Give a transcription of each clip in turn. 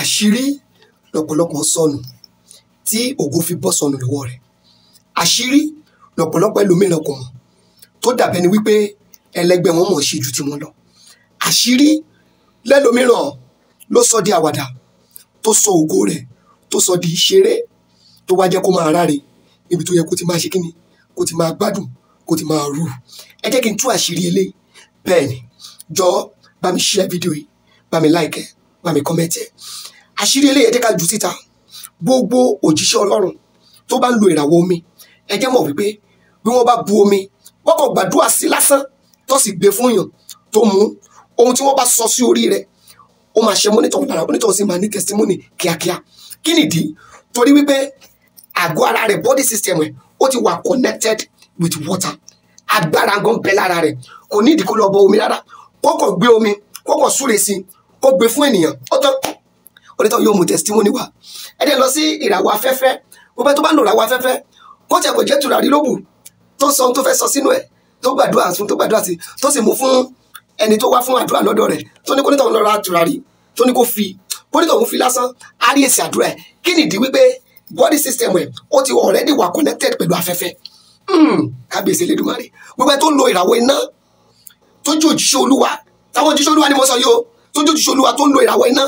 àṣírí lọ́pọ̀lọpọ̀ sọnù tí ògo fi bọ́ sọnù lọ́wọ́ rẹ̀ àṣírí lọ́pọ̀lọpọ̀ ẹlòmíràn kò mọ̀ tó dàbẹ́ ni wípé ẹlẹgbẹ́ wọn mọ̀ ṣe ju ti wọn lọ àṣírí lẹ́lòmíràn ló sọ di àwàdà tó sọ ògo rẹ̀ tó sọ di ìṣeré tó wá jẹ́ kó máa ráre níbi tó yẹ kó ti máa ṣe kíni kó ti máa gbádùn kó ti máa rú ẹ jẹ́ kí n tú àṣírí eléyìí bẹ́ẹ̀ ni jọ bá mi share fídíò yìí bá mi like bá mi kọ́mẹ́ǹtì ẹ̀ àṣírí eléyìí ẹ̀jẹ̀ ká jù síta gbogbo òjíṣẹ́ ọlọ́run tó bá ń lo ìràwọ̀ omi ẹ jẹ́ mọ̀ wípé bí wọ́n bá bu omi wọ́n kàn gbàdúrà sí lásán tó sì gbé fún yàn tó mú ohun tí wọ́n bá sọ sí orí rẹ̀ ó máa ṣe mọ́nítọ̀ lára mọ́nítọ̀ sì máa ní testimony kíákíá kí nìdí torí wípé àgọ́ ara rẹ̀ body system ẹ̀ ó ti wà connected with water agbára gan bẹ lára rẹ̀ kò ní ìdíkó lọ bọ omi rárá kókò gbé omi kókò súre sí i kó gbé fún ènìyàn ó tán onítọ̀ yóò mú testimony wá ẹ dẹ́ lọ sí ìràwọ̀ afẹ́fẹ́ gbogbo tó bá lò ràwọ̀ afẹ́fẹ́ kó tẹ̀ kò jẹ́ tùràrí lóbù tó sọ ohun tó fẹ́ sọ sínú ẹ̀ tó gbàdúrà fún tó gbàdúrà sí tó sì mú fún ẹni tó wá fún àdúrà lọ́dọ̀ rẹ̀ tó ní kó onítọ̀ lọ ra tùràrí tó ní kó fi kó onítọ̀ òun fi lásán á rí èsì àdúrà ẹ̀ kí nìdí wípé body system ẹ̀ ó ti already wà connected pẹ̀lú afẹ́fẹ́ hmm, kábíyèsí Elédùmarè gbogbo tó lo ìràwọ̀ iná tó jù òjíṣẹ́ olúwa táwọn òjíṣẹ́ olúwa ni mo sọ yìí o tó jójú ṣolúwa tó ń lo ìràwọ̀ iná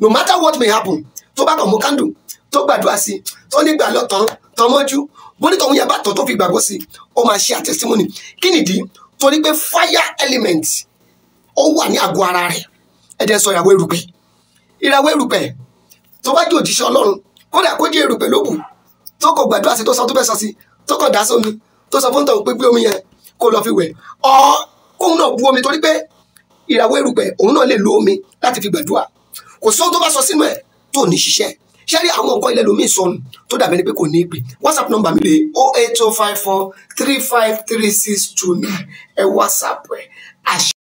no matter what may happen tó bá kàn mú kándù tó gbàdúrà sí tó nígbà lọ́tàn tọmọ́jú bóníkà òun yàgbà tán tó fi gbàgbọ́ sí ó máa ṣe àtẹ̀símọ́nì kí nìdí torí pé fire element ó wà ní àgọ́ ara rẹ̀ ẹ̀dẹ̀ sọ ìràwọ̀ erùpẹ̀ ìràwọ̀ erùpẹ̀ tó bá jẹ́ òjíṣẹ́ ọlọ́run kódà kó jẹ́ erùpẹ̀ lóbù tó kò gbàdúrà sí tó sọ tó fẹ́ sọ sí tó kàn dá sómi tó sọ fóńtàn pé gbé omi yẹn kó lọ fi wẹ̀ ọ́ kóun náà bu omi torí pé ìràwọ̀ erùpẹ̀ òun náà lè lo omi láti fi gbàdúrà kò sóhun tó bá sọ sínú ẹ̀ tó ní ṣiṣẹ́ ṣẹ́rí àwọn nǹkan ilẹ̀ lomi sọnù tó dàbí ẹni pé kò ní ìpè whatsapp number mi lè o oh eight two oh five four three five three six two nine ẹ whatsapp ẹ